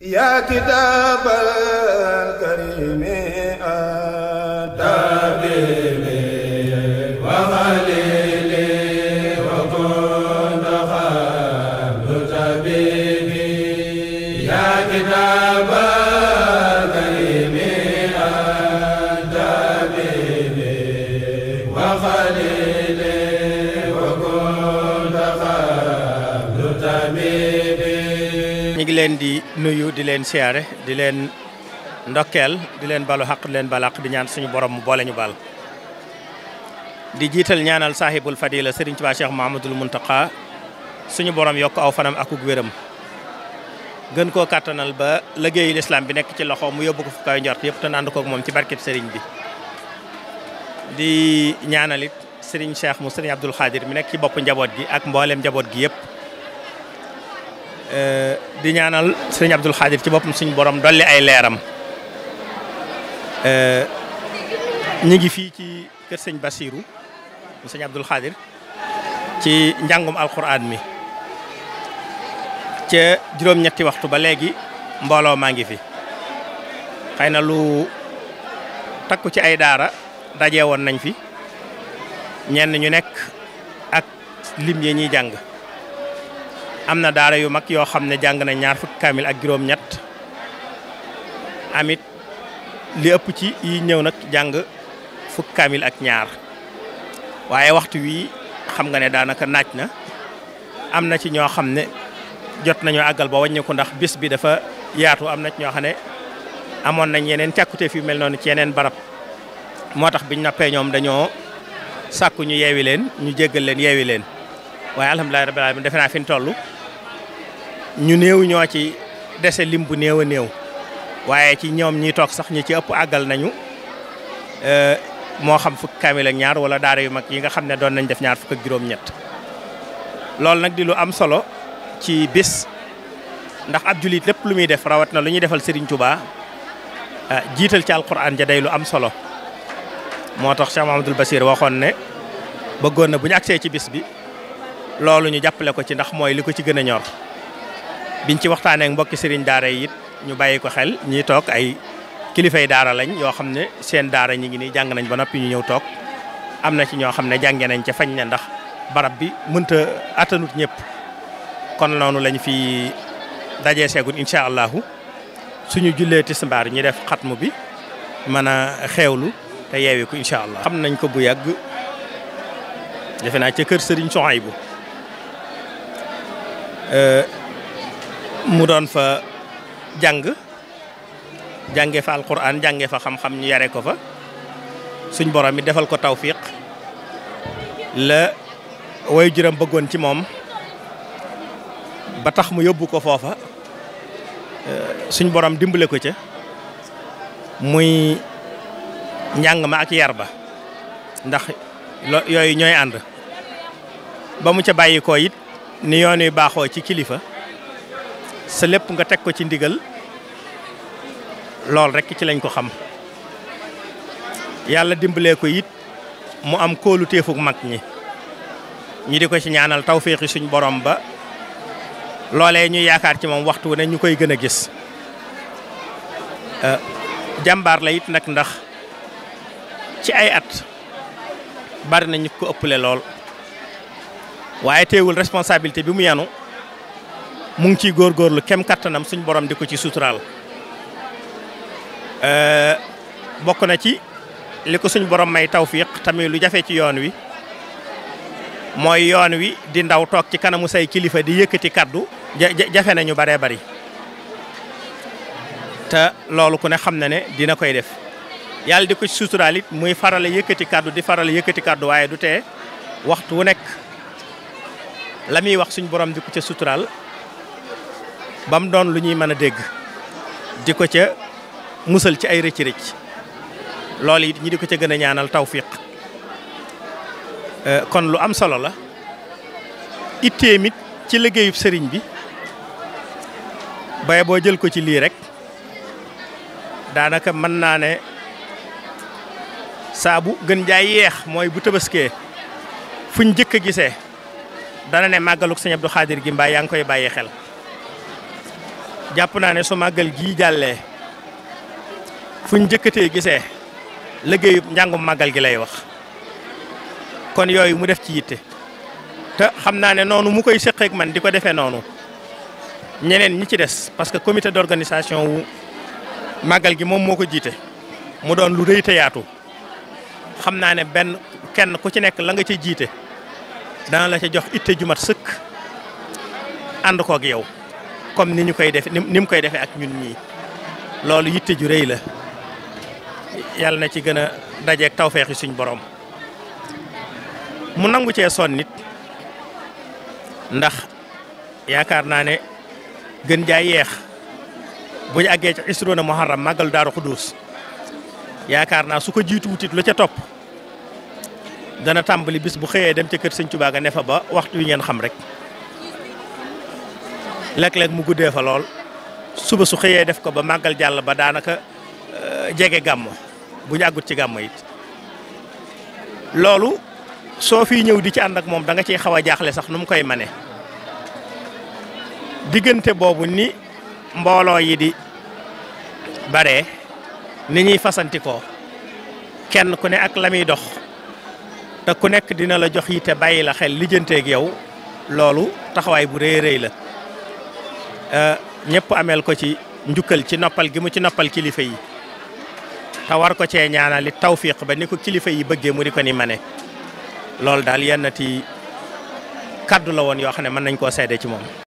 yaa kitaabal karimi yaa kitaabal ngi leen di nuyu di leen siyaare di leen ndokkeel di leen balu xaq di leen balaq di ñaan suñu borom mu boole ñu bal di jiital ñaanal saahibul fadila Serigne Touba Cheikh Mahamadul Muntaqa suñu boroom yokk aw fanam akuk wéram gën koo kattanal ba liggéeyu lislaam bi nekk ci loxo mu yóbbu ko fu kaw njort yëpp te ànd koog moom ci barkeb Serigne bi di ñaanalit Serigne Cheikh mu Serigne Abdoul Khadir bi nekk ci bopp njaboot gi ak mboolem njaboot gi yëpp Eh, di ñaanal sëriñ Abdul Xaadir ci boppam suñu borom dolli ay leeram eh, ñu ngi fii ci kër sëñ Basiru mu sëñ Abdul Xaadir ci njàngum alquran mi ca juróom-ñetti waxtu ba léegi mbooloo maa ngi fi xëy na lu takku ci ay daara daje woon nañ fi ñenn ñu nekk ak lim yi ñuy jàng am na daara yu mag yoo xam ne jàng na ñaar fukki kaamil ak juróom-ñett amit li ëpp ci yi ñëw nag jàng fukki kaamil ak ñaar waaye waxtu wi xam nga ne daanaka naaj na am na ci ñoo xam ne jot nañoo àggal ba wàññeeku ndax bis bi dafa yaatu am na ci ñoo xam ne amoon nañ yeneen càkkutéef yu mel noonu ci yeneen barab moo tax biñ nappee ñoom dañoo sàkku ñu yeewi leen ñu jéggal leen yeewi leen waaye alhamdulilah rabbil alamin defe naa fi ñu toll ñu néew ñoo ci dese lim bu néew a néew waaye ci ñoom ñi toog sax ñi ci ëpp àggal nañu e, moo xam fukk kaamil ñaar wala daara yu mag yi nga xam ne doon nañu def ñaar fukk ak juróom-ñett loolu nag di lu am solo ci bis ndax ab julit lépp lu muy def rawat na lu ñuy defal Serigne Touba e, jiital ci alquran ja day lu am solo moo tax Cheikh Mahamadul Basir waxoon ne bëggoon na bu ñu agsee ci bis bi loolu ñu jàppale ko ci ndax mooy li ko ci gën a ñor. biñ ci waxtaanee ak mbokki sëriñ daara yit ñu bàyyi ko xel ñuy toog ay kilifay daara lañ yoo xam ne seen daara ñi ngi nii jàng nañ ba noppi ñu ñëw toog am na ci ñoo xam ne jàngee nañ ca fañ ne ndax barab bi mënta attanut ñëpp kon noonu lañ fi dajee seegun incha allahu suñu jullee tismbaar ñu def xatmu bi mën a xeewlu te yeewi ko incha allah. xam nañ ko bu yàgg defe naa ca kër Serigne Souhaïbou euh, mu doon fa jàng jàngee fa alquran jàngee fa xam-xam ñu yare ko fa suñ borom mi defal ko tawfiq la wayu juram bëggoon ci moom ba tax mu yóbbu ko foofa eh, suñ borom dimbale ko ca muy njàng ma ak yar ba ndax yooyu ñooy ànd ba mu ca bàyyi ko it ni yoon yu baaxoo ci kilifa sa lépp nga teg ko ci ndigal lool rekk ci lañ ko xam yàlla dimbalee ko it mu am kóolu téefuk mag ñi ñu di ko ci ñaanal tawféexi suñ borom ba loolee ñuy yaakaar ci moom waxtu ne ñu koy gën a gis euh, jàmbaar la it nag ndax ci ay at bari na ñu ko ëppale lool waaye teewul responsabilité bi mu yanu mu ngi ciy góorgóorlu kem kattanam suñ borom di ko ci suturaal euh, bokk na ci li ko suñ borom may tawfiq tamit lu jafe ci yoon wi mooy yoon wi di ndaw toog ci kanamu say kilifa di yëkkati kaddu jafe nañu baree bari te loolu ko ne xam ne ne dina koy def yàlla di ko ci suturaal it muy farale yëkkati kaddu di farale yëkkati kaddu waaye du te waxtu wu nekk la muy wax suñ borom di ko ca suturaal ba mu doon lu ñuy mën a dégg di ko ca musal ci ay rëcc-rëcc loolu it ñi di ko ca gën a ñaanal tawfiq euh, kon lu am solo la itteemit ci liggéeyub sëriñ bi baye boo jël ko ci lii rek daanaka mën naa ne saabu gën jaay yeex mooy bu tabaskee fuñ njëkk a gisee dana ne màggaluk sëñ Abdou Xaadir gi mbaa yaa ngi koy bàyyi xel jàpp naa ne su màggal gii jàllee fu ñu jëkkatee gisee liggéeyu njàngum màggal gi lay wax kon yooyu mu def ci yitte te xam naa ne noonu mu koy séqeek man di ko defee noonu ñeneen ñi ci des parce que comité d'organisation wu màggal gi moom moo ko jiite mu doon lu rëy te yaatu xam naa ne benn kenn ku ci nekk la nga ca jiite dana la ci jox itte ju mat sëkk ànd koog yow comme ni ñu koy defe ni mu koy defee ak ñun ñii loolu yitte ju rëy la yàlla na ci gën a dajeeg tawfeex yi suñ boroom mu nangu cee son nit ndax yaakaar naa ne gën jaay yeex bu ñu àggee ci isroona muharram màggalu daaru xudduus yaakaar naa su ko jiitu wutit lu ca topp dana tàmbali bis bu xëyee dem ca kër sëñ Tuubaa ga ne fa ba waxtu wi ngeen xam rek léeg-léeg mu guddee fa lool suba su xëyee def ko ba màggal jàll ba daanaka euh, jege gàmm bu ñu ci gàmm it. loolu soo fi ñëw di ci ànd ak moom danga ciy xaw a jaaxle sax nu mu koy mane diggante boobu ni mbooloo yi di bare ni ñuy fasantikoo kenn ku ne ak la muy dox te ku nekk dina la jox te bàyyi la xel lijjanteeg yow loolu taxawaay bu rëy rëy la. Euh, ñëpp ameel ko ci njukkal ci noppal gi mu ci noppal kilifa yi te war ko cee ñaanali tawfiq ba ni ko kilifa yi bëggee mu di ko ni mane loolu daal yenn ti la woon yoo xam ne mën nañ koo seede ci moom.